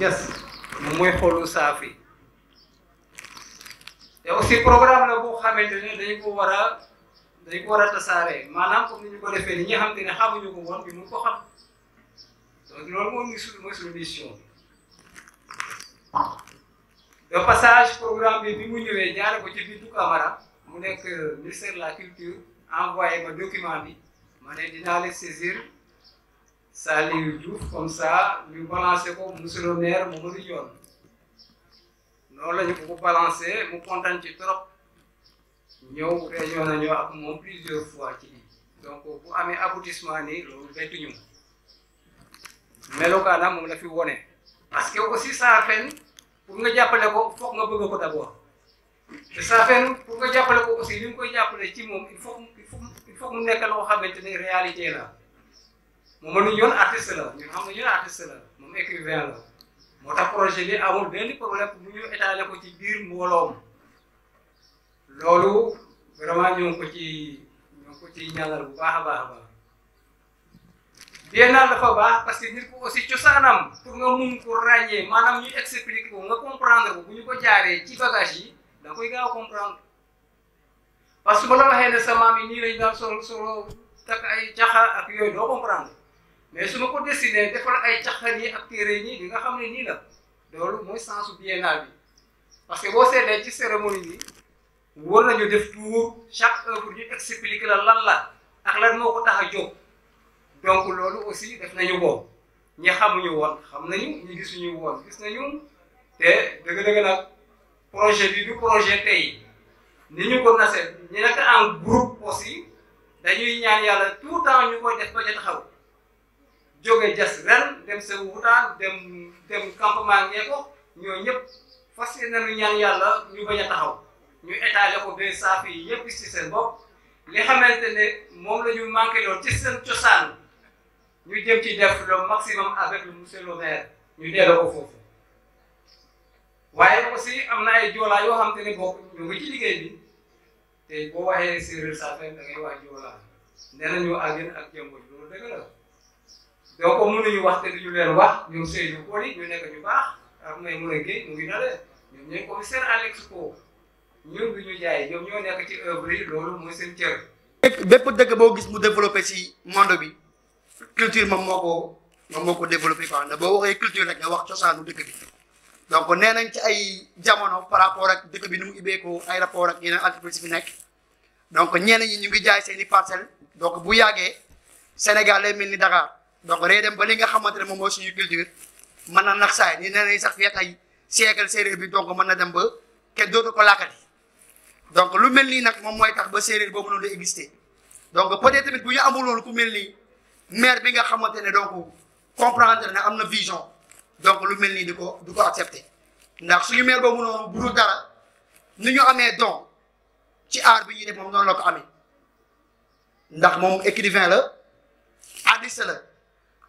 jës moom mooy xolu saafi te aussi programme la boo xamante ne dañ ko war a dañ ko war a tasaare maanaam comme ni ñu ko defee ni ñi xam te ne xamuñu ko woon bi mu ko xam donc loolu moom mooy suñu mission de passage programme bi bi mu ñëwee jaare ko ci biir tout Camara mu nekk ministère de la culture envoyé ma document bi ma ne dinaa leen saisir Saliou Diouf comme ça ñu balancé ko monsieur le maire Mamadou Dione noonu la ñu ko ko balancé mu kontaan ci trop ñëw réunion nañoo ak moom plusieurs fois ci donc bu amee aboutissement ni loolu bettuñu melokaana moom la fi wone parce que aussi Safène pour nga jàppale ko foog nga bëgg ko d'abord te Safène pour nga jàppale ko aussi li nga koy jàppale ci moom il faut il faut il faut mu nekk loo xamante ne réalité la moom mënuñu yoon artiste la ñun xam nga ñun artiste la moom écrivain la moo tax projet bi amul benn problème bu ñu étaler ko ci biir mbooloom loolu vraiment ñoo ko ci ñoo ko ci ñaanal bu baax a baax a baax biennale dafa baax parce que nit ko aussi cosaanam pour nga mun ko ràññee maanaam ñu expliquer nga comprendre bu ñu ko jaaree ci bagage yi da koy gaaw comprendre parce que bu la waxee ne sa maam yi nii lañ daan solo solo takk jaxa ak yooyu doo comprendre mais suma ma ko dessiné defal ay caxaan yi ak téere ni nga xam ni la lolu moy sensu biennal bi parce que bo seetlee ci cérémonie ni wor nañu def tour chaque œuvre ñu expliquer la lan la ak lan moko tax a jóg donc lolu aussi def nañu bo ñi xamuñu won xam nañu ñi gisuñu won gis nañu té deug deug nag projet bi du projet tay ni ñu ko nasee ñi nak en groupe aussi dañuy ñaan yalla tout temps ñu koy def ba ca taxaw joge jas ren dem sa wutaan dem dem campement ngee ñoo ñëpp fas nañu ñaan yàlla ñu bañ a taxaw ñu étalé ko ba saaf yi yëpp ci seen bopp li xamante ne moom la ñu manqué loon ci seen cosaan ñu jëm ci def le maximum avec le monsieur le maire ñu delloo ko foofu waaye aussi am na ay joolaa yoo xam te ne bokk ñu ngi liggéey bi te boo waxee séeréer saa fay da ngay wax joolaa nee nañu àggin ak jëmbo loolu dëgg la donc mënuñu wax te duñu leen wax ñoom Seydou Koli ñu nekk ñu baax ak may mën mu ngi na leen ñoom ñooy commissaire à l'expo ñun du ñu jaay ñoom ñoo nekk ci œuvre yi loolu mooy seen cër. bépp dëkk boo gis mu développé si monde bi culture moom moo ko moom moo ko développé quoi ndax boo waxee culture rek nga wax cosaanu dëkk bi donc nee nañ ci ay jamono par rapport ak dëkk bi ni mu ibbeekoo ay rapport ak yeneen entreprise bi nekk donc ñeneen ñi ñu ngi jaay seen i donc bu yàggee Sénégal lay mel ni Dakar. donc day dem ba li nga xamante ne moom mooy suñu culture mën na nax saay ni nee nañ sax fii ay siècle séeréer bi donc mën na dem ba kenn dootu ko làkkati donc lu mel nii nag moom mooy tax ba séeréer boobu noonu di exister donc peut-être tamit bu ñu amul loolu ku mel ni maire bi nga xamante ne donc comprendre na am na vision donc lu mel nii di ko di ko accepter ndax suñu maire boobu noonu bu dara ni ñu amee don ci art bi ñu def moom noonu la ko amee ndax moom écrivain la artiste la.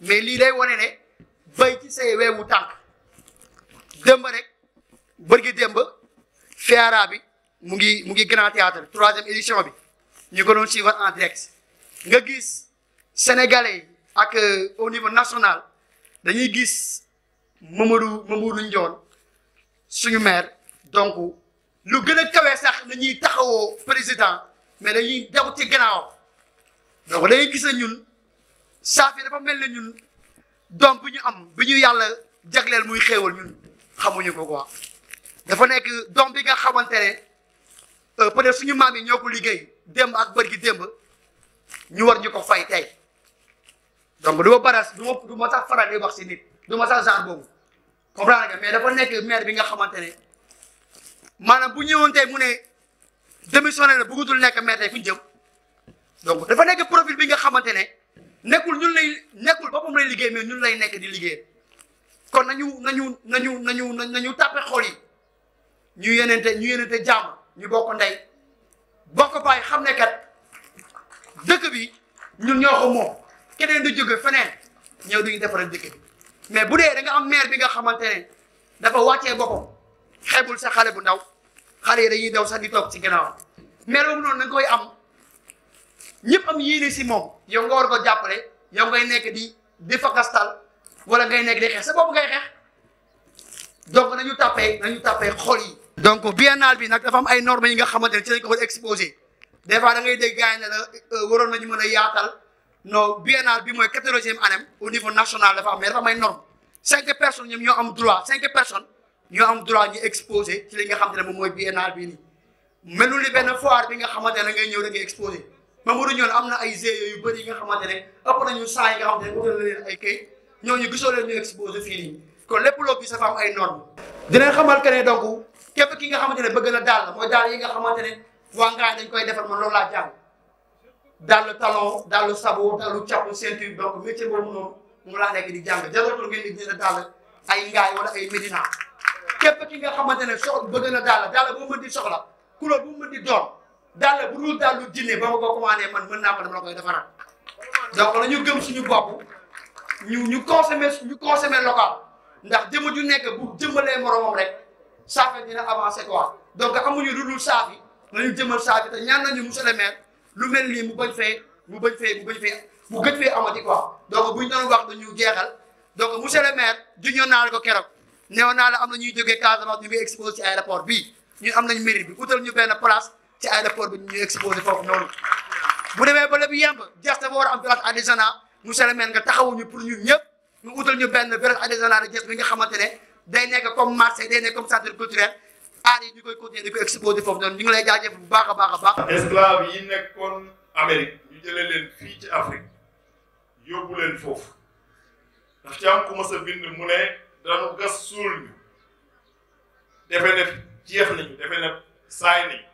mais lii day wane ne béy ci say mu tànk démb rek bërgi démb Feera bi mu ngi mu ngi grand théâtre troisième édition bi ñu ko doon suivre en direct nga gis sénégalais yi ak euh, au niveau national dañuy gis Mamadou Mamadou Ndiol suñu maire donc lu gën a kawee sax na ñuy taxawoo président mais dañuy daw ci gannaawam donc dañuy gis ñun. saafi dafa mel na ñun doom bu ñu am bu ñu yàlla jagleel muy xéewal ñun xamuñu ko ko dafa nekk doom bi nga xamante ne euh, peut-être suñu maam yi ñoo ko liggéey démb ak bër gi démb ñu war ñu ko fay tey donc du ma baras du ma du ma sax faral wax si nit du ma sax genre boobu comprendre nga mais dafa nekk maire bi nga xamante ne maanaam bu ñëwoon tey mu ne démissionné na bëggutul nekk maire tey fu ñu jëm donc dafa nekk profil bi nga xamante ne. nekkul ñun lay nekkul boppam lay liggéey mais ñun lay nekk di liggéey kon nañu nañu nañu nañu nañu tàppe xol yi ñu yenente ñu yenente jàmm ñu bokk ndey bokk baay xam ne kat dëkk bi ñun ñoo ko keneen du jóge feneen ñëw duñu defaral dëkk bi mais bu dee da nga am maire bi nga xamante ne dafa wàccee boppam xeebul sa xale bu ndaw xale yi dañuy daw sax di toog ci gannaaw maire boobu noonu da koy am ñëpp am yéene si moom yow nga war ko jàppale yow ngay nekk di di fakastal wala ngay nekk di xeex sa bopp ngay xeex donc nañu tàppee nañu tàppee xol yi. donc biennale bi nag dafa am ay normes yi nga xamante ne ci lañ ko war a exposé des fois da ngay euh, waroon nañu mën a yaatal non biennale bi mooy quatorzième année au niveau national dafa am mais dafa am ay normes cinq personnes ñoom am droit cinq personnes ñoo am droit ñu exposé ci li nga xamante ne moom mooy biennale bii nii melul benn foire bi nga xamante ne ngay ñëw da ngay exposé. même bu ñoon am na ay GIE yu bëri yi nga xamante ne ëpp nañu saa yi nga xamante ne wutal na leen ay kayit ñooñu gisoo leen ñu exposé fii nii kon lépp loo gis dafa am ay noon dinañ xamal que ne donc képp ki nga xamante ne bëgg na daal mooy daal yi nga xamante ne waa Ngaye dañ koy defar man loolu laa jàng daal talon daal sabot daal capp ceinture donc métier boobu noonu moom laa nekk di jàng jaratul ngeen di jënd daal ay Ngaye wala ay Médina képp ki nga xamante ne soxla bëgg na daal daal boo di soxla couleur di doon dàll bu dul dàllu jinne ba ma ko commandé man mën naa ko dama la koy defaral donc la ñu gëm suñu bopp ñu ñu consommer ñu consommer local ndax jëmm ju nekk bu jëmbalee moromam rek saafe dina avancer quoi donc amuñu lu dul saafi nañu jëmmal saafi te ñaan nañu ñu le maire lu mel nii mu bañ fee mu bañ fee mu bañ fee mu gëj fee amati quoi donc buñ doon wax ñu jeexal donc mu le maire juñoon naa la ko keroog néew naa la am na ñuy jógee Casamance ñu ngi exposé ci aéroport bii ñu am nañ mairie bi utal ñu benn place. ci aéroport bi ñu exposé foofu noonu bu demee ba lépp yemb jeex dafa war a am période adhésionnat monsieur le maire nga taxawuñu pour ñun ñëpp ñu utal ñu benn période adhésionnat de jeex bi nga xamante ne day nekk comme marché day nekk comme centre culturel aar yi ñu koy continuer di ko exposé foofu noonu ñu ngi lay jaajëf bu baax a baax a baax. esclave yi nekkoon Amérique ñu jëlee leen fii ci Afrique yóbbu leen foofu ndax ci am ku ma sa bind mu ne dañu gas suul ñu defe ne jeex nañu defe ne saay nañu.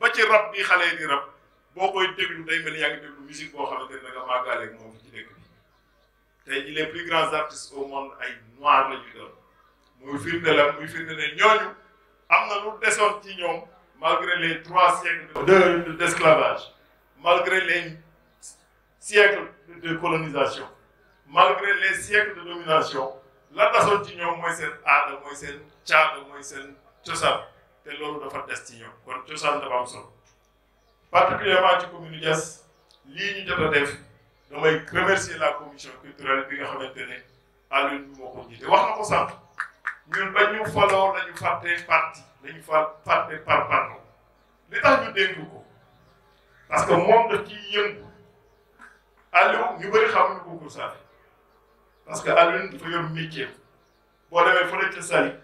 ba ci rab bi xale di rab boo koy déglu day mel yaa ngi déglu musique bo xamante da nga magalé mom ci dëkk bi tay jii les plus grands artistes au monde ay noir la ñu do moy firne la muy firne né ñooñu amna lu desoon ci ñoom malgré les trois siècles de d'esclavage malgré les siècles de colonisation malgré les siècles de domination la desoon ci ñoom moy sen aada moy sen caada moy sen cosaan te loolu dafa des ci ñoom kon cosaan dafa am solo particulièrement ci commune Diass lii ñu jot a def damay remercier la commission culturelle bi nga xamante ne Alioune bi moo ko jiite wax na ko sànq ñun ba ñu faloo la ñu fàtte parti la ñu fa fàtte par parlo li tax ñu dénk ko parce que moom daf ciy yëngu Alioune ñu bëri xamuñu ko ko Koursaale parce que Alioune dafa yor métier boo demee fële ca Saly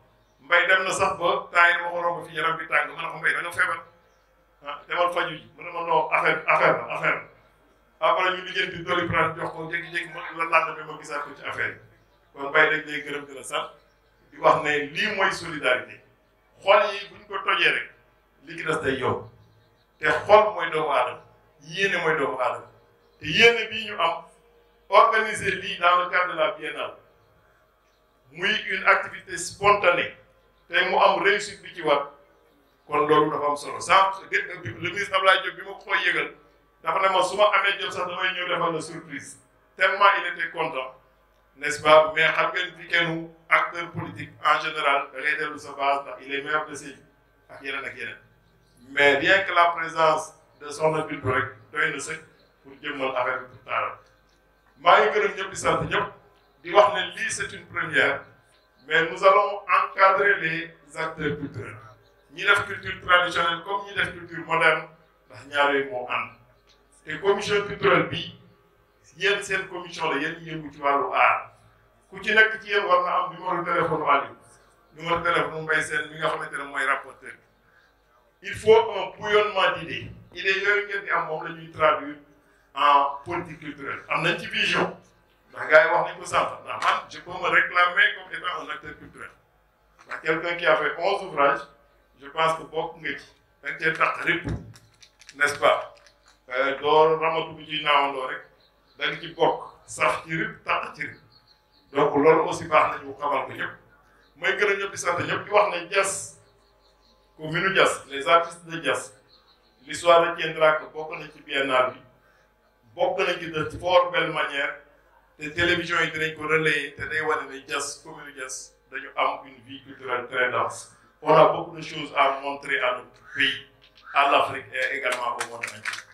mbay dem na sax ba taay dama ko romb fi yaram bi tàng mën a ko mbay da nga ah demal faju ji mu ma non affaire affaire affaire la après ñu la lànd bi sax di wax ne lii mooy solidarité xol yi buñ ko tojee rek li ki des day te xol mooy doomu aadama yéene mooy doomu aadama te yéene bii ñu am organiser lii dans le cadre de la muy une activité spontanée te mu am réussite bi ci war kon loolu dafa am solo sànq le ministre Abdoulaye Diop bi ma ko koy yëgal dafa ne ma su ma amee jot sax damay ñëw defal la surprise tellement il était content n'est-ce pas mais xam ngeen fi kennu acteur politique en général da ngay dellu sa base ndax il est ak yeneen ak yeneen mais rien que la présence de Soxna Bintou rek doy na sëkk pour jëmmal affaire bi pour taaral maa ngi gërëm ñëpp di sant ñëpp di wax ne lii c'est première mais nous allons encadrer les acteurs culturels Ni def culture traditionnelle comme ni def culture moderne ndax ñaar yooyu moo Et te commission culturelle bi yéen seen commission la yéen ñu yëngu ci wàllu aar ku ci nekk ci yéen war na am numéro téléphone Aliou numéro téléphone Mbaye de téléphone, nga xamante ne rapporteur il faut un bouillonnement d'idées est yooyu qu'il di am un la de traduire en politique culturelle en nañ ndax gars yi wax nañ ko sànq ndax man je peux me réclamer comme étant un acteur culturel ndax quelqu'un qui a fait onze ouvrages je pense que bokk nga ci da nga cee tax rëpp n'est-ce pas euh, doo ramatu bu ciy rek da ci bokk sax ci rëpp tax ci rëpp donc loolu aussi baax nañu xamal ko ñëpp mooy gën a di sant ñëpp di wax ne Diass commune Diass les artistes de Diass l'histoire retiendra que bokk na ci biennale bi bokk na ci de fort belle manière Les télévisions, ils les ko relayer te day wane ne Diass commune Diass une vie culturelle très dense on a beaucoup de choses à montrer à notre pays à l'Afrique et également au monde entier